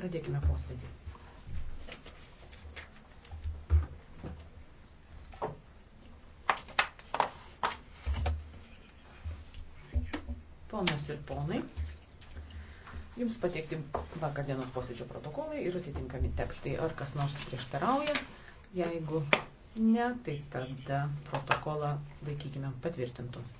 Pradėkime posėdį. Ponios ir ponai, jums pateikti vakar dienos posėdžio protokolai ir atitinkami tekstai. Ar kas nors prieštarauja? Jeigu ne, tai tada protokolą laikykime patvirtintų.